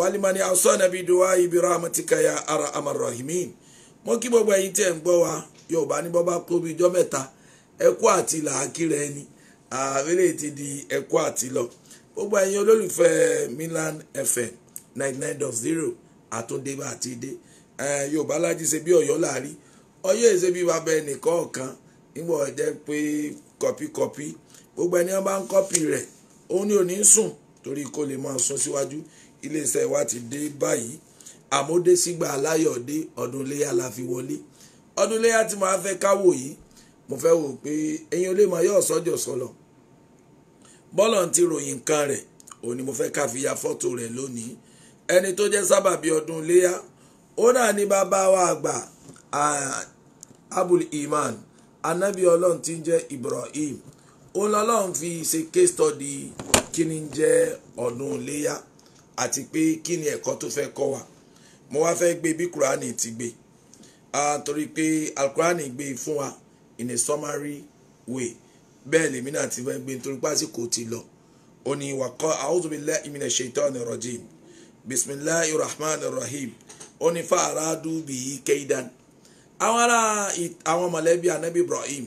walimani asọ́nà bíi duwa ibi rahmatika ya ara amarrahimin mo ki gbogbo ẹ̀yin tí ẹ̀ ń gbọ́ wa yorùbá ní bọ́bá kó bíi ijọ́ mẹ́ta ẹ̀kú àti làákìrẹ́ ẹni àárẹ̀ ti di ẹ̀kú àti lọ gbogbo ẹ̀yin olólùfẹ́ Milan FM ninety nine dot zero àtúndébà àti dé yorùbá lájí ṣe bí ọ̀yọ́ làárí ọyọ́ èṣe bí bàbá ẹnìkan ọ̀kan nígbà ọ̀jẹ́ pé kọ̀píkọ̀pí gbogbo ẹni wọn bá ń kọ́pì rẹ̀ òun ni ò ní sùn torí kó lè máa sún síwájú iléeṣẹ́ wa ti dé báyìí àmódé sígbà aláyọ̀dé ọdún iléyà la fi wọlé ọdún iléyà tí màá fẹ́ káwò yìí mo fẹ́ wò pé ẹ̀yin olè mọ̀ yóò sọ́jọ́ sọlọ bọ́lọ̀ ti ròyìn nǹkan rẹ̀ òun ni mo fẹ́ ká fọ́tò rẹ̀ lónìí ẹni tó jẹ́ sábàbí ọdún iléyà ó náà ní bàbá wa àgbà abul iman anabi ọlọ́run ti ń jẹ́ ibrahim òun lọ́lọ́run fi ṣe case study kí ni jẹ́ ọdún iléyà àti pé kí ni ẹ̀kọ́ tó fẹ́ kọ́ wa mo wá fẹ́ gbé bí kúránì ti gbé torí pé alukúránì gbé fún wa in a summary way bẹ́ẹ̀ lèmi náà ti fẹ́ gbé nítorí pásíkò ti lọ ó ní wàkọ́ a'udhu billahi minash shaitani rajim bisimilahi rahman rahim ó ní fàràdù bìí keidan àwọn ará àwọn mọ̀lẹ́bí anabi ibrahim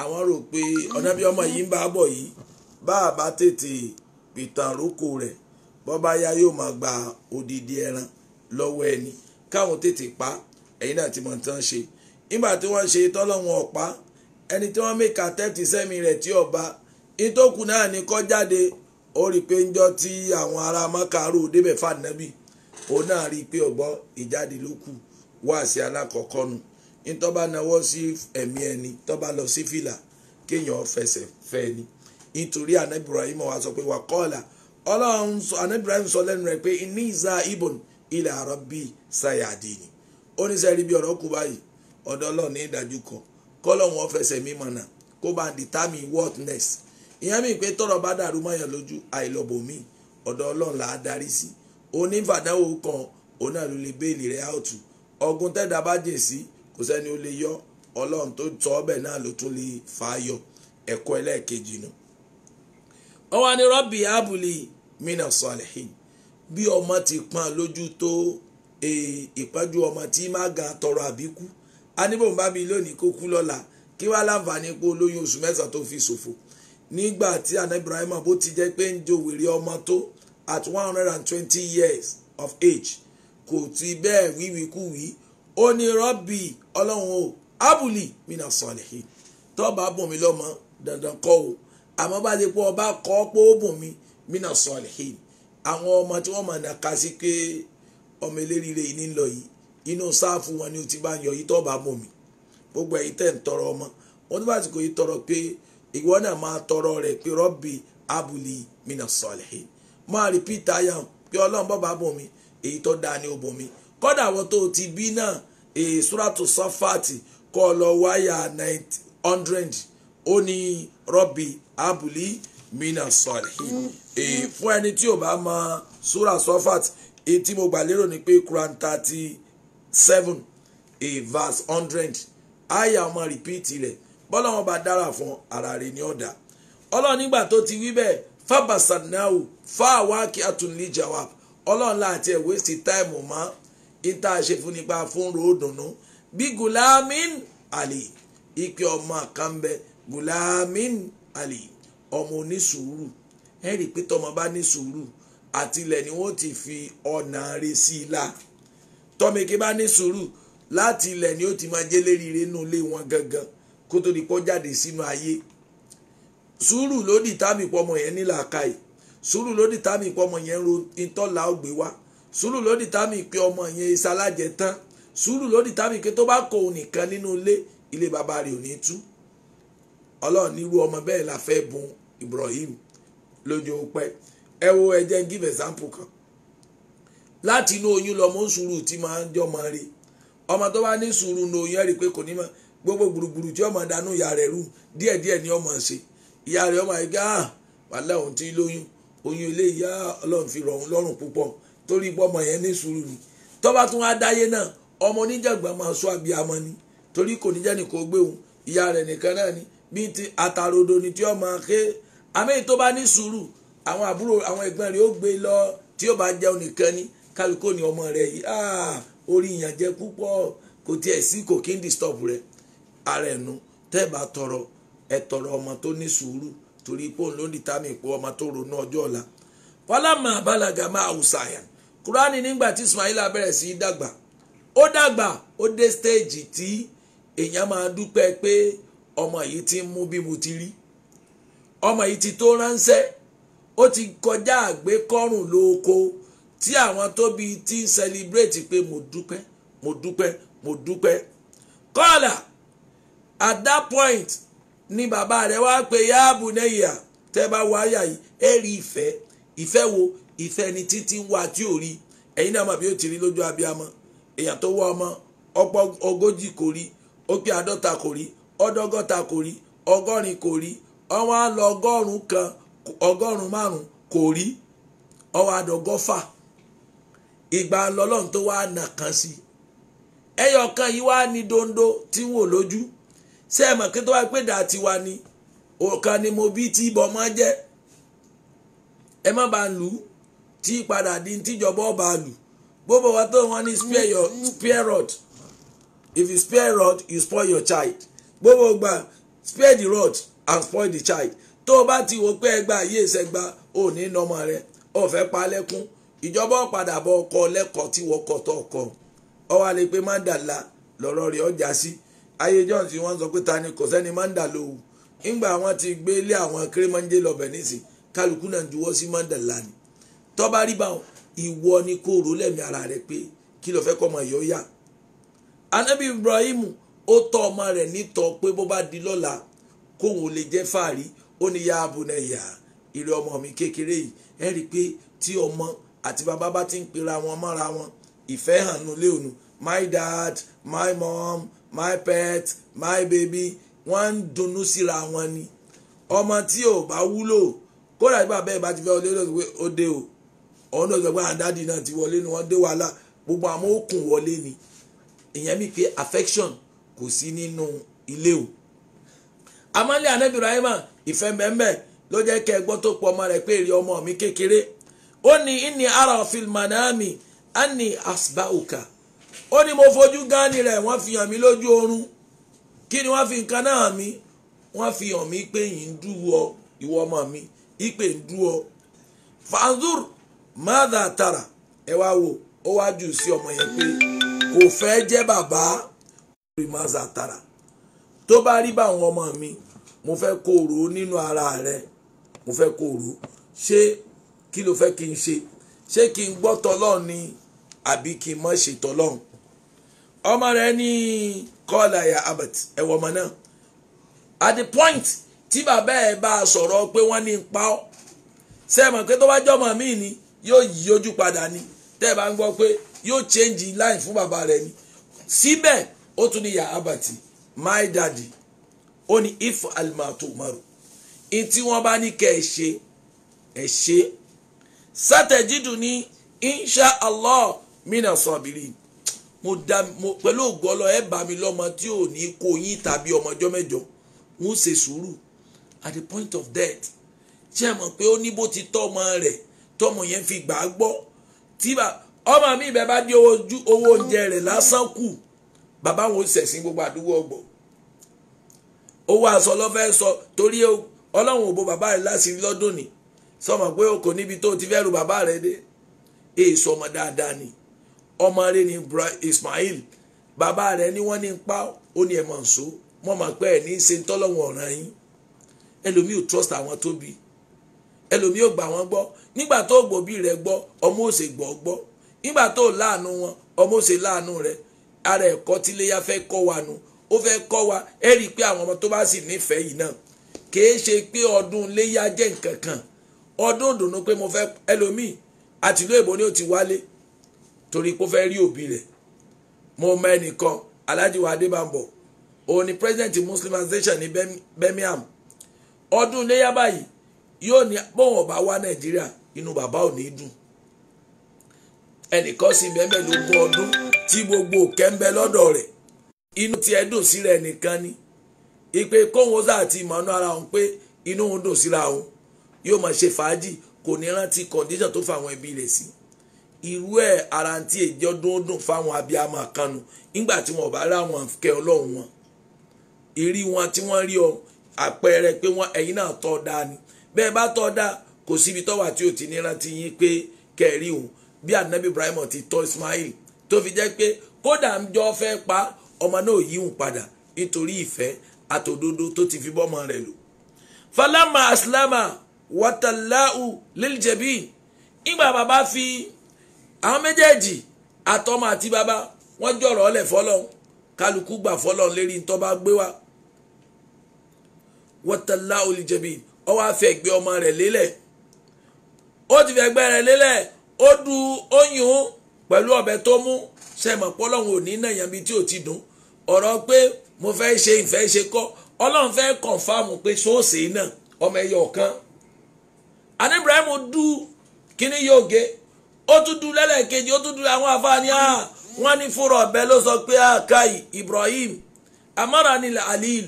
àwọn rò pé ọ̀nàbí ọmọ yìí ń bá bọ̀ yìí bá a bá tètè pìtàn rókò rẹ̀ bọ́bá yá yóò máa gba odidi ẹran lọ́wọ́ ẹni káwọn tètè pa ẹ̀yin náà ti mọ̀ tán ṣe nígbà tí wọ́n ṣe tọ́lọ́wọ́n ọ̀pá ẹni tí wọ́n mẹ́ka tẹ́tì sẹ́mi rẹ̀ tí ọba ìtòkù náà ní kọ́ jáde ó rí i pé ńjọ́ tí àwọn ará mọ́kàrú débẹ̀ fànàbì òun náà rí i pé ọ̀gbọ́n ìjáde ló kù wá sí alákọ̀ọ́kọ́ ìtọ́ba náwó sí ẹ̀mí ẹni tọ́ba lọ sí fìlà kéèyàn fẹsẹ̀ fẹ́ ni nítorí ànábì Ibrahim wa sọ pé wà kọ́ọ̀là ọlọ́run anábìrán sọ lẹ́nu rẹ̀ pé ní ìza ibòn ilẹ̀ àrọ́ bíi sayadi ni ó ní sẹ́rí bí ọ̀rọ̀ kú báyìí ọ̀dọ̀ ní ìdájú kan kọ́lọ́run ọ̀fẹsẹ̀ mímọ̀ náà kó bá ìyẹn mi pé bá dàrú lójú àìlọ́bò mi kan ló lè béèlì rẹ̀ ọ̀gùn tẹ́dá bá jè sí kò sẹ́ni ó lè yọ ọlọ́run tó tọ́ mina salihin bí ọmọ ti pọ́n lójú tó e, ìpọ́njú ọmọ tí má ga tọrọ àbíkú aníbòun bá mi lónìí kó kú lọ́la kí wàá láǹfààní pé olóyún oṣù mẹ́ta tó fi ṣòfò nígbà tí àná Ibrahim bó ti jẹ́ pé ń jòwèrè ọmọ tó at one hundred and twenty years of age kò ti bẹ́ẹ̀ wíwíkúwí ó ní rọ́bì ọlọ́run o abuli mina salihin tọ́ba bùnmi lọ́mọ dandan kọ́ o àmọ́ bá ti pọ́ ọba kọ́ pé ó bùnmi mina salihin àwọn ọmọ tí wọ́n máa nàka sí pé ọmọ eléríire yìí ń lọ yìí inú sáàfù wọn ni o ti bá ń yọ yìí tó mọ̀ mí gbogbo ẹ̀yin tẹ̀ ń tọrọ ọmọ wọn tó bá ti kò yìí tọrọ pé ìwọ náà máa tọrọ rẹ̀ pé rọ́bì abùlì mina salihin máa rí peter ayam pé ọlọ́run bọ́ bá bọ̀ mí èyí tó dáa ní o bọ̀ mí kọ́dà àwọn tó ti bí náà suratu safati kọ́ lọ wáyà hundred ó ní rọ́bì abùlì mina salihin fún ẹni tí ò bá mọ sura sofat èyí tí mo gbà lérò ni pé quran thirty seven a verse hundred àyà ọmọ rìpíìtì rẹ̀ bọ́lá wọn bá dára fún ara rẹ̀ ní ọ̀dà ọlọ́run nígbà tó ti wí bẹ́ẹ̀ fábàṣánnáwó fáwákì àtúnlíjàwáp ọlọ́run láti ẹ̀ wéṣì táìmù mọ́ ìta àṣefún nípa fún ròódùnú bí gulamin ali ìpè ọmọ kan gulamin ali ọmọ onísùúrù ẹ rí i pé tọmọ bá ní sùúrù àtilẹ̀ ni wọ́n ti fi ọ̀nà rẹ̀ sí i la tọ́mike bá ní sùúrù láti ilẹ̀ ni ó ti máa jẹ́ léríire nínú ilé wọn gangan kó tó di pọ́ jáde sínú ayé sùúrù lódì tàbí pọmọ yẹn ní làákàyè sùúrù lódì tàbí pọmọ yẹn ro ìtọ́là ògbé wá sùúrù lódì tàbí pé ọmọ yẹn ìsalájẹ tán sùúrù lódì tàbí pé tó bá kọ òun nìkan nínú ilé ilé bàbá rẹ̀ ò ní tú ọlọ́run nírú ọmọ bẹ́ẹ̀ la fẹ́ bùn Ibrahim lójó pẹ́ ẹ wo ẹ jẹ́ give example kan láti inú oyún lọmọ sùúrù tí máa ń jọ máa rí ọmọ tó bá ní sùúrù ní oyún ẹ rí i pé kò ní máa gbogbo gbùrùgbùrù tí ọmọ dànù ìyá rẹ̀ rú díẹ̀díẹ̀ ni ọmọ ṣe ìyá rẹ̀ ọmọ ẹgbẹ́ ah wàhálà òun ti lóyún oyún ilé ìyá ah, ọlọ́run fi rọ̀hún lọ́rùn púpọ̀ torí bọ́mọ yẹn ní sùúrù ni tọ́ba tún á dáyé náà ọmọ oníjàgbá máa sọ abiyamọ ni torí kò ní jẹ́nìkan ó gbé òun ìyá rẹ̀ nìkan náà ni bíi ti àtàrodo ni tí ọmọ ké àmẹ́yìn tó bá ní sùúrù àwọn àbúrò àwọn ẹ̀gbọ́n rẹ̀ ó gbé lọ tí ó bá jẹun nìkan ni kálukó ni ọmọ rẹ̀ yìí ah, orí ìyànjẹ púpọ̀ kò tiẹ̀ sí kò kí ń disturb rẹ̀ ara ẹ̀nu tẹ́ bá tọrọ ẹ tọrọ ọmọ tó ní sùúrù torí pé òun ló ń determine pé ọmọ tó ronú ọjọ́ ọ̀la fọlámà abálaga máa hùsàyàn kúránì nígbà tí ismaila bẹ̀rẹ̀ sí dàgbà ó dàgbà ó dé stéèjì tí èèyàn máa dúpẹ́ pé ọmọ yìí ti ń mú bí mo ti rí ọmọ yìí ti tó ránṣẹ́ ó ti kọjá àgbékọ́rùn lóko tí àwọn tóbi ti ń sẹlibrétì pé mo dúpẹ́ mo dúpẹ́ mo dúpẹ́ kọ́ọ̀là at that point ni bàbá rẹ̀ wá pé yáàbù nẹ́yà tẹ́ bá wọ yìí ẹ rí ìfẹ́ ìfẹ́ wo ìfẹ́ ni títí ń wá tí ò rí ẹ̀yin náà mọ̀ bí ó ti rí lójú abiyamọ èèyàn tó wọ ọmọ ọgbọ́n ogójì kò rí ó pé àádọ́ta kò rí ọdọ́gọ́ta kò rí ọgọ́rin kò rí ọnwa á lọ kan ọgọ́rùn márùn kò rí ọwọ́ àdọ́gọ́fà ìgbà lọ́lọ́run tó wá nà kan sí ẹyọ kan yìí wá ní dondo tí ń wò lójú ṣé ẹ mọ̀ kí tó wá pé dà ni òkan ni mo bí tí ibọn mọ́ jẹ́ ẹ má bàa lù ú tí padà di tíjọba ọba lù gbogbo wa tó wọn ní spare your spare rod if you spare rod you spoil your child gbogbo gbà spare the rod and spoil the child tó o bá ti wò pé ẹgbà yé ìṣẹ́gbà ò ní nọmọ rẹ ò fẹ́ pa lẹ́kún ìjọba ọ̀padà bọ ọkọ lẹ́kọ̀ọ́ tí wọ́n kọ̀ tó ọkọ̀ ọ wá lè pe mandala lọ́rọ̀ rẹ̀ ọjà sí ayé john tí wọ́n sọ pé ta ni kò sẹ́ni mandala o ńgbà wọn ti gbé ilé àwọn kérémọ́njé lọ́bẹ̀ nísìn kálukú náà juwọ́ sí mandala ni tọ́ba rí báwọn ìwọ ni kó rò lẹ́mí ara rẹ pé kí ló fẹ́ kọ́ ọmọ yọ yá anabi ibrahim ó tọ́ ọmọ rẹ̀ nítọ́ pé bó bá di lọ́la kóun ò lè jẹ́ fàárí ó ní ya abunẹ̀yà ìrẹ́ ọmọ mi kékeré yìí ẹ rí i pé tí ọmọ àti bàbá bá ti ń pera wọn mọ́ra wọn ìfẹ́ hàn nú lé òun my dad my mom my pet my baby wọ́n ń dunnú síra wọn ni ọmọ tí ò bá wúlò kódà nígbà bẹ́ẹ̀ bá ti fẹ́ wọlé lọ́sọ̀ pé ó dé o ọ̀hún lọ́sọ̀ pé àǹdáàdì náà ti wọlé ni wọ́n dé wàhálà gbogbo àwọn ó wọlé ni ìyẹn mi pé affection kò sí nínú ilé o amálẹ̀ anabi ibrahima ìfẹ́ mbẹ́mbẹ́ ló jẹ́ kẹ́ gbọ́ tó pọ̀ ọmọ rẹ̀ pé èrè ọmọ mi kékeré ó ní inni ara fil manami ani asbauka ó ní mo fojú gánni rẹ̀ wọ́n fi hàn mí lójú oorun kí ni wọ́n fi nǹkan náà mí wọ́n fi hàn mí pé yìí ń dúwọ́ ìwọ ọmọ mi ìpè ń dúwọ́ fanzur mada tara ẹ wá wo ó wá jù sí ọmọ yẹn pé kò fẹ́ jẹ́ bàbá tara tó bá rí báwọn ọmọ mi mo fẹ́ kó o rò ó nínú ara rẹ mo fẹ́ kó o rò ó ṣé kí ló fẹ́ kí n ṣe ṣé kí n gbọ́ tọlọ́run ni àbí kí n má ṣe tọlọ́run ọmọ rẹ ní kọ́ọ̀lá ya abat ẹ̀wọ̀ ọmọ náà at the point tí bàbá ẹ̀ bá a sọ̀rọ̀ pé wọ́n ní pa ọ́ sẹ́ẹ̀mọ̀ pé tó bá jọmọ míì ni yóò yí ojú padà ni tẹ́ ẹ bá ń gbọ́ pé yóò change line fún bàbá rẹ ni síbẹ̀ ó tún ní ya abati my daddy ó ní if almatumaru in tí wọ́n bá ní kẹ́ ẹ ṣe ẹ ṣe sátẹ̀jídù ní insha allah mina sabirin mo da mo pẹ̀lú ògbọ́lọ ẹ bá mi lọ́mọ tí ò ní kó yín tàbí ọmọjọ́ mẹ́jọ mo ṣe sùúrù at the point of death ṣé ẹ mọ̀ pé ó ní bó ti tọ́ ọmọ rẹ̀ tọmọ yẹn fi gbà á gbọ́ tí ọmọ mi ibẹ̀ bá dé owó oúnjẹ rẹ̀ lásán kù bàbá wọn ṣẹ̀sìn gbogbo àdúgbò ọgbọ̀n owó aṣọ lọ́fẹ́ sọ torí ọlọ́run òbò bàbá rẹ láti rí lọ́dún ni sọmọ pé o kò níbi tó ti fẹ́ ru bàbá rẹ̀ dé èso ọmọ dáadáa ni ọmọ rẹ̀ ni Ismail bàbá rẹ ni wọ́n ní pa ó ní ẹ̀mọ̀ nsó mọ́ máa pẹ́ ẹ̀ ní ṣe ń tọ́lọ́wọ̀n ọ̀ràn yín ẹlòmíì ò trust àwọn tóbi ẹlòmíì ò gbà wọ́n gbọ́ nígbà tó gbòbí rẹ gbọ́ ọmọ òsè gbọ́ gbọ́ nígbà tó láàánú wọn ọmọ òsè láàánú rẹ̀ ara ẹ̀kọ́ tíléyà fẹ́ kọ́ wa nu ó fẹ́ kọ́ wa ẹ rí i pé àwọn ọmọ tó bá sì nífẹ̀ẹ́ yìí náà kìí ṣe pé ọdún léyà jẹ́ nǹkan kan ọdún dùnú pé mo fẹ́ ẹlòmíì àtìlú èbó ni ó ti wálé torí pé ó fẹ́ mo mọ ẹnìkan Alhaji wa ni president Muslim Association ní Birmingham ọdún léyà báyìí yóò ní bóun ọba wá Nàìjíríà inú bàbá ò ní dùn ẹnìkan sì bẹ́ẹ̀ gbogbo kẹ́ńbẹ́ lọ́dọ̀ inú tiẹ̀ dùn síra ẹnìkan ni ipe kóhun sáà ti mọ̀nú ara òun pé inú òun dùn síra òun yóò máa ṣe fàájì kò ní rántí condition tó fàwọn ẹbí rẹ̀ sí irú ẹ̀ ara ti èjọ́ dúndùn fáwọn abiyamọ kanu nígbà tí wọn ò bá ráwọn kẹ ọlọ́run wọn ìrí wọn tí wọ́n rí ọ àpẹẹrẹ pé wọ́n ẹ̀yin náà tọ́ da ni bẹ́ẹ̀ bá tọ́ da kò síbi tọ́wà tí ò ti ní rántí yín pé kẹrí òun bí anabi Ibrahim ti tọ́ Ismail tó fi jẹ́ pé kódà ń jọ fẹ́ pa ọmọ náà yíhùn padà nítorí ìfẹ́ àtòdodo tó ti fi bọ́mọ rẹ̀ lò. falama aslama watalau liljẹbi ìgbà bàbá fi àwọn méjèèjì àtọmọ àti bàbá wọ́n jọ̀rọ̀ ọlẹ fọ́lọ́run kálukú gbà fọ́lọ́run lérí ntọ́ bá gbé wá watalau liljẹbi ó wá fẹ́ gbé ọmọ rẹ̀ lélẹ̀ ó ti fẹ́ gbé rẹ̀ lélẹ̀ ó du oyún pẹ̀lú ọ̀bẹ tó mú sẹmọ pọlọrun ò ní nàyàn tí ò ti dùn ọ̀rọ̀ pé mo fẹ́ ṣe ìfẹ́ ṣe kọ́ ọlọ́run fẹ́ kọ̀ǹfàmù pé sóòsì náà ọmọ ẹyọ kan anibrahimu du kíní yóò gé ó tún dú lẹ́lẹ́kejì ó tún dú àwọn afáàní à ah, wọ́n ní fúnra ọ̀bẹ ló sọ pé àkàì ah, Ibrahim amáranil alil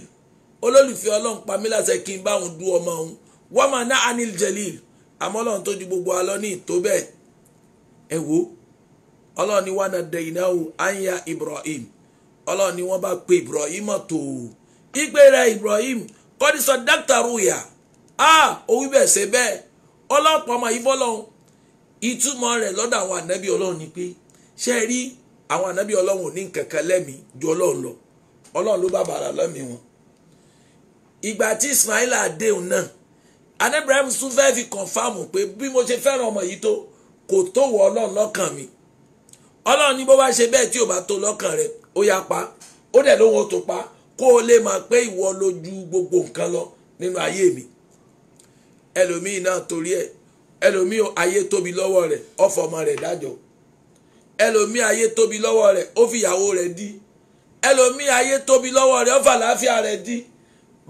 olólùfẹ́ ọlọ́run pamílàṣẹ kí n bá òun dú ọmọ òun wọ́n máa ná anil jalil àmọ́ ọlọ́run tó ju gbogbo alọ́ ní ìtó bẹ́ẹ̀ ẹ wo ọlọ́run ni wọ́n á na dẹ̀yìn náà ànyà Ibrahim ọlọ́run ni wọ́n bá pe ibrahim tó igbe rẹ ibrahim kọ́dísọ dákítàrú yà á òwú bẹ̀ ṣe bẹ́ẹ̀ ọlọ́pàá ọmọ yìí fọlọ́run ìtumọ̀ rẹ̀ lọ́dọ̀ àwọn ànábì ọlọ́run ni pé ṣe rí àwọn ànábì ọlọ́run ò ní kankan lẹ́mìí ju ọlọ́run lọ ọlọ́run ló bá bàrà lẹ́mìí wọn. ìgbà tí ismaila adéhùn náà anabraham tún fẹ́ fi kọ̀nfàmù pé bí mo ṣe fẹ́ràn ọmọ yìí tó kò tó wọ ọlọ́run lọ́kàn mi ọlọ́run ní bó bá ṣe bẹ́ẹ̀ tí ò bá tó lọ́kàn rẹ̀ ó yá pa ó dẹ̀ lóun tó pa kó o lè máa pé ìwọ lójú gbogbo nǹkan lọ nínú ayé mi ẹlòmíì náà torí ẹ ẹlòmíì ayé tóbi lọ́wọ́ rẹ̀ ó fọmọ rẹ̀ dájọ́ ẹlòmíì ayé tóbi lọ́wọ́ rẹ̀ ó fìyàwó rẹ̀ dí ẹlòmíì ayé tóbi lọ́wọ́ rẹ̀ ó fàlàáfíà rẹ̀ dí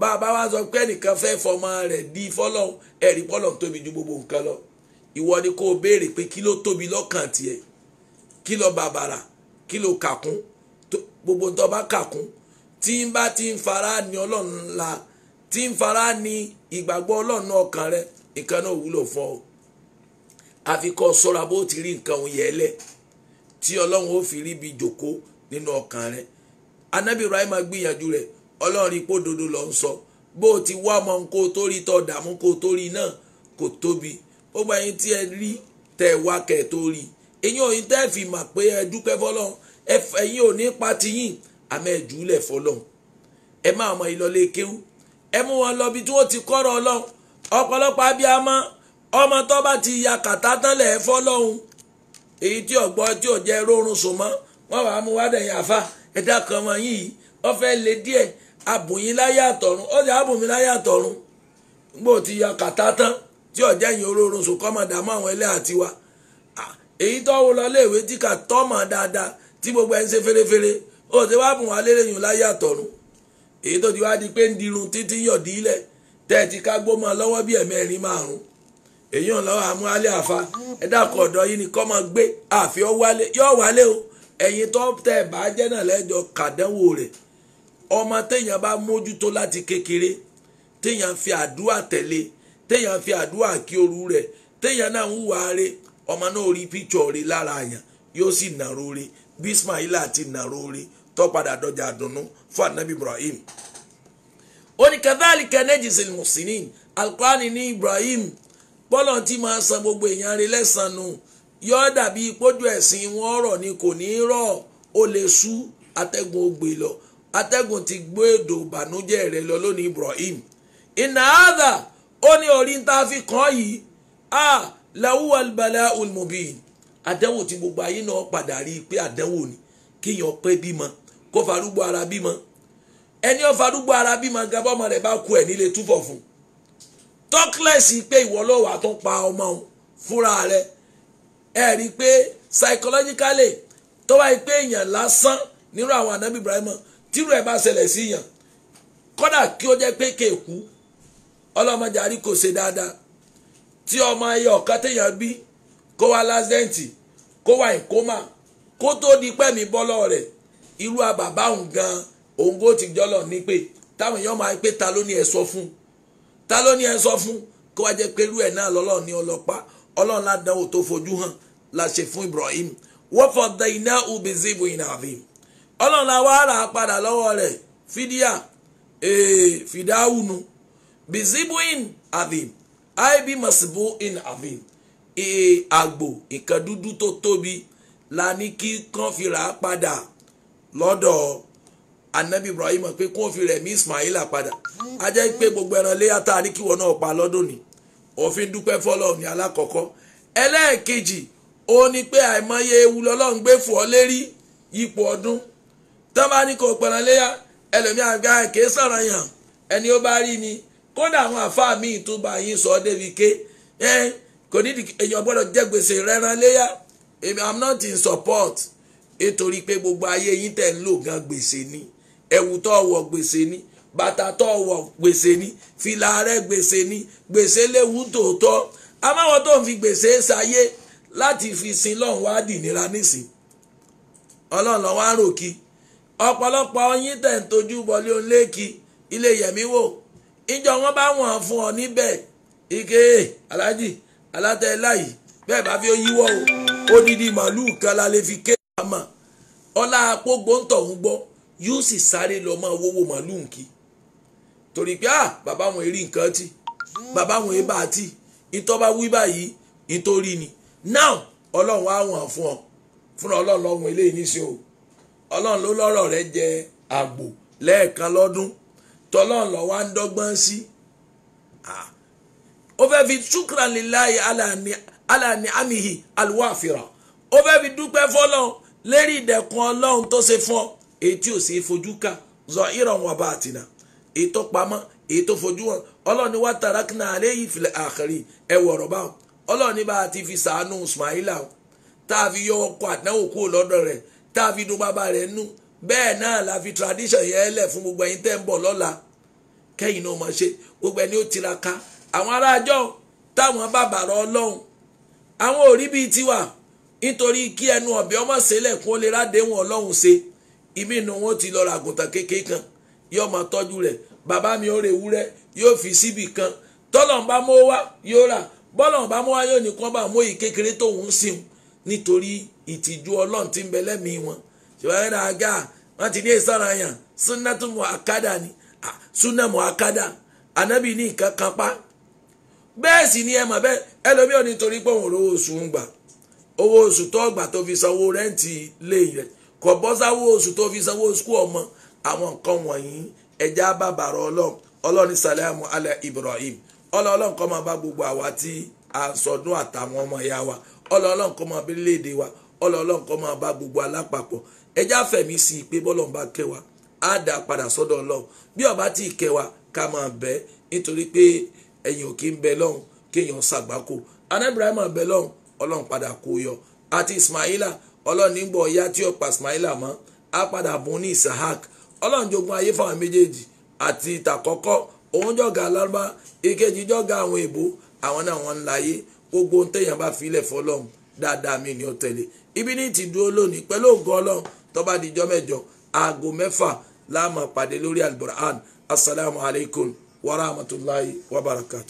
bàbá wa sọ pé ẹnìkan fẹ́ fọmọ rẹ̀ dí fọlọ́hún ẹ̀rí pọ́lọ̀ tóbi ju gbogbo nǹkan lọ ìwọ ni kó o béèrè pé kí ló tóbi lọ́kàn tiẹ̀ kí ló bàbàrà kí ló kàkún gbogbo tó bá kàkún tí ń bá ti ń fara ni ọlọ́run la tí ń fara ni ìgbàgbọ́ ọlọ́run ọkàn rẹ nǹkan náà wúlò fún ọ àfi kó sọ́ra bó ti rí nǹkan òun yẹn tí ọlọ́run ó fi rí ibi jòkó nínú ọkàn rẹ anabi ibrahim gbìyànjú rẹ ọlọ́run ipò dodo lọ ń sọ bó o ti wá ọmọ nǹkó tó rí tọ́ dààmú kó tó rí náà kò tóbi gbogbo ẹyin tí ẹ rí tẹ wá kẹ tó rí eyín òyìn tẹ́ fi mà pé ẹ dúpẹ́ fọlọ́run ẹ̀yin ò ní pa tiyín àmọ́ ẹ̀jú lẹ̀ fọlọ́n ẹ máa mọ ìlọlé kéwú ẹ mú wọn lọ bí tí wọ́n ti kọ́rọ̀ ọ̀pọ̀lọpọ̀ abiyamọ ọmọ tó bá ti ya kàtá tán lẹ̀ eyi èyí tí ọ̀gbọ́ tí ò jẹ́ rórun sùn mọ́ wọ́n wàá mú wádẹ̀ àfa ẹ̀dá kan mọ́ yìí wọ́n fẹ́ lé díẹ̀ abùnyín láyé àtọ̀run ó sì abùnmí láyé àtọ̀run ti ya kàtá tán tí ọ̀jẹ́ yìí sùn kọ́ mọ̀ àwọn ẹlẹ́ tí gbogbo ẹ̀ ń ṣe fẹ́rẹ́fẹ́rẹ́ ó ti wá bùn wá lérè yùn láyé àtọ̀run èyí tó ti wá di pé ń dirun títí yọ̀dí ilẹ̀ tẹ́ ẹ ti ká gbọ́mọ lọ́wọ́ bí ẹ̀mẹ́rin márùn-ún èyí ò lọ́wọ́ àmú alẹ́ àfa ẹ̀dá yìí ni wálé o ẹ̀yin tó tẹ̀ bá jẹ́ náà lẹ́jọ́ kàdánwò ọmọ téèyàn bá láti kékeré téèyàn fi àdúrà tẹ̀lé téèyàn fi àdúrà kí oru rẹ̀ téèyàn bí ismaila àti nàrórì tó padà dọjà àdùnnú fún anabi ibrahim ó ní kadhalika najzil muhsinin alukóhánì ní ibrahim bọ́lọ̀ tí máa san gbogbo èèyàn rẹ̀ lẹ́sàn-án yọ dàbí ìpọ́jú ẹ̀sìn wọn rọ̀ ni kò ní í rọ̀ ó lè sú atẹ́gùn ògbè lọ atẹ́gùn ti gbé èdò ìbànújẹ́ rẹ̀ lọ lónìí ibrahim inna hadha ó ní orí ń ta fi kàn yìí a lahu al bala'ul àdánwò tí gbogbo ayé náà padà rí i pé ni bímọ kó farúgbó ara bímọ ẹni ara bímọ gan bọ́mọ rẹ̀ bá kú ẹ̀ nílé túfọ̀ fún tọ́kílẹ̀sì pé ìwọ lọ́wọ́ àtún pa ọmọ fúnra rẹ̀ ẹ rí i pé psychologically tó bá pé èèyàn lásán nírú àwọn ànábì Ibrahim tírú ẹ̀ bá ṣẹlẹ̀ sí yàn kódà kí ó jẹ́ pé kéèkú kó wá lásìdẹ́ǹtì kó wá ìkómà kó tó di pẹ́mi bọ́lọ́ rẹ̀ irú àbàbá òun gan òun kó ti jọ́lọ̀ ní pé táwọn èèyàn máa ń pé ta ló ní ẹ sọ fún ta ló ní ẹ sọ fún kó wá jẹ́ pé irú ẹ̀ náà lọ́lọ́run ní ọlọ́pàá ọlọ́run ládánwò tó fojú hàn la ṣe fún Ibrahim wọ́n fọ da iná ubi zibu iná àfin ọlọ́run la wá rà padà lọ́wọ́ rẹ̀ fídíà fìdáhùnù bizibu in àfin àìbí masibu in àfin àgbò nǹkan dúdú tó tóbi la ní kí kán fi padà lọ́dọ̀ anabi ibrahim pé kó fi rẹ̀ mí ismaila padà a jẹ́ pé gbogbo ẹran léyà tá a ní kíwọ náà pa lọ́dún ni òfin dúpẹ́ fọlọ́ ní alákọ̀ọ́kọ́ ẹlẹ́ẹ̀kejì ó ní pé àìmọye ewu lọ́lọ́run gbé fọ́ lérí ipò ọdún tán bá ní kò pẹ̀ràn léyà ẹlòmíà gba èké ah, sọ̀rọ̀ yàn ẹni ó bá rí ni kódà àwọn àfáà míì tún bá yín sọ débi ké ẹ́ kò ní èèyàn gbọ́dọ̀ jẹ́ gbèsè rẹran léyà èmi am not in support nítorí pé gbogbo ayé yín tẹ̀ ń lò gan gbèsè ni ẹ̀wù tó wọ̀ gbèsè ni bàtà tó wọ̀ gbèsè ni fìlà rẹ̀ gbèsè ni gbèsè léwu tòótọ́ amáwọn tó ń fi gbèsè ṣayé láti fi sin lọ́hùn wá dìnira nísìn ọlọ́run lọ́wọ́ á rò kí ọ̀pọ̀lọpọ̀ yín tẹ̀ ń tojú bọlé òun léèkì ilé yẹ̀mí wò ìjọ wọn bá wọ̀n fún ọ níbẹ̀ ike aláàjì alátẹ̀lá yìí bẹ́ẹ̀ bá fi ó yíwọ́ o odidi màálù kan la lè fi ké àmà ọlá àpògbó ń tọ̀hún gbọ́ yóò sì sáré lọ máa wówó màálù nkì torí pé ah bàbá wọn èrí nǹkan tí bàbá wọn èé bá a tí wí báyìí nítorí ni now ọlọ́run á wọ̀n fún ọ fúnra ọlọ́run lọ́wọ́n eléyìí níṣẹ́ o ọlọ́run ló lọ́rọ̀ rẹ jẹ àgbò lẹ́ẹ̀kan lọ́dún tọ́lọ́run lọ́wọ́ á ń dọ́gbọ́n sí ah ó fẹ́ fi ṣúkúrán lillahi ala ni'amihi alwafira ó fẹ́ fi dúpẹ́ fọlọ́n lérí ìdẹ̀kùn ọlọ́run tó ṣe fún ọ èyí tí ò sì fojú ká zahiran wa batina èyí tó pamọ́ èyí tó fojú wọn ọlọ́run ní wa tarakna alayhi fil akhirin ẹ wọ̀rọ̀ báwọn ọlọ́run ní bá a ti fi sàánú ismaila tá a fi yọ ọkọ̀ àdánwò kúrò lọ́dọ̀ rẹ̀ tá a fi dun bàbá rẹ̀ nú bẹ́ẹ̀ náà la fi tradition yẹn lẹ̀ fún gbogbo ẹ̀yin tẹ́ ń bọ̀ lọ́la kẹ́yìn náà máa ṣe gbogbo ẹni ó tiraka àwọn aráàjọ táwọn bàbàrà ọlọ́run àwọn ò rí bíi tiwa nítorí kí ẹnu ọ̀bẹ ọmọ sílẹ̀ kún ó lè rádéhùn ọlọ́run ṣe ìmí inú wọn ti lọ ra àgùntàn kékeré kan yóò máa tọ́jú rẹ̀ bàbá mi ò rè wúrẹ́ yóò fi síbì kan tọ́lọ̀n bá mọ́ wá yóò rà bọ́lọ̀n bá mọ́ wá yóò nìkan bá mọ́ èyí kékeré tóun ń sìn nítorí ìtìjú ọlọ́run ti ń bẹ lẹ́mìí wọn ṣùgbọ́n ẹ̀rọ àga wọn ti ní ìsọ̀rọ̀ àyàn súnà àkádà ni súnà àkádà ànábì ní ìkankan pa bẹ́ẹ̀ sì ni ẹ mọ̀ bẹ́ẹ̀ ẹlòmíì ò ní torí pé òun rówó oṣù ń gbà owó oṣù tó gbà tó fi sanwó rẹ́ǹtì lé rẹ̀ kò bọ́ sáwó oṣù tó fi sanwó sukú ọmọ àwọn nǹkan wọ̀nyí ẹja bàbàrà ọlọ́run ọlọ́run sàlẹ̀mù alẹ́ Ibrahim ọlọ́run kó máa bá gbogbo àwa tí a sọdún àtàwọn ọmọ ìyá wa ọlọ́run kó máa bíléèdè wa ọlọ́run kó máa bá gbogbo alápapọ̀ ẹja fẹ̀mí sí i pé bọ́lọ̀ ń bá kẹ́ á dà padà sọ́dọ̀ ọlọ́run bí ọba tí ì kẹ́ ká máa bẹ́ nítorí pé ẹ̀yìn ò kí ń bẹ lọ́hùn kéèyàn ṣàgbákò anábìrìmọ̀ bẹ lọ́hùn ọlọ́run padà kó yọ àti ismaila ọlọ́run nígbà ọ̀yá tí ọ̀pá ismaila mọ́ á padà bùn ní isahak ọlọ́run jogún ayé fáwọn méjèèjì àti ìtàkọ́kọ́ òun jọ̀gá alárúbá ìkejì jọ̀gá àwọn èbó àwọn náà wọ́n ń láyé gbogbo ohun téèyàn bá filẹ̀ fọlọ́run dáadáa mi ni ó tẹ̀lé ibi ní ti dúró lónìí pẹ̀lú ògo ọlọ́run tó bá dijọ́ mẹ́jọ aago mẹ́fà la pàdé lórí alburhan asalaamualeykum wa rahmatulahi wa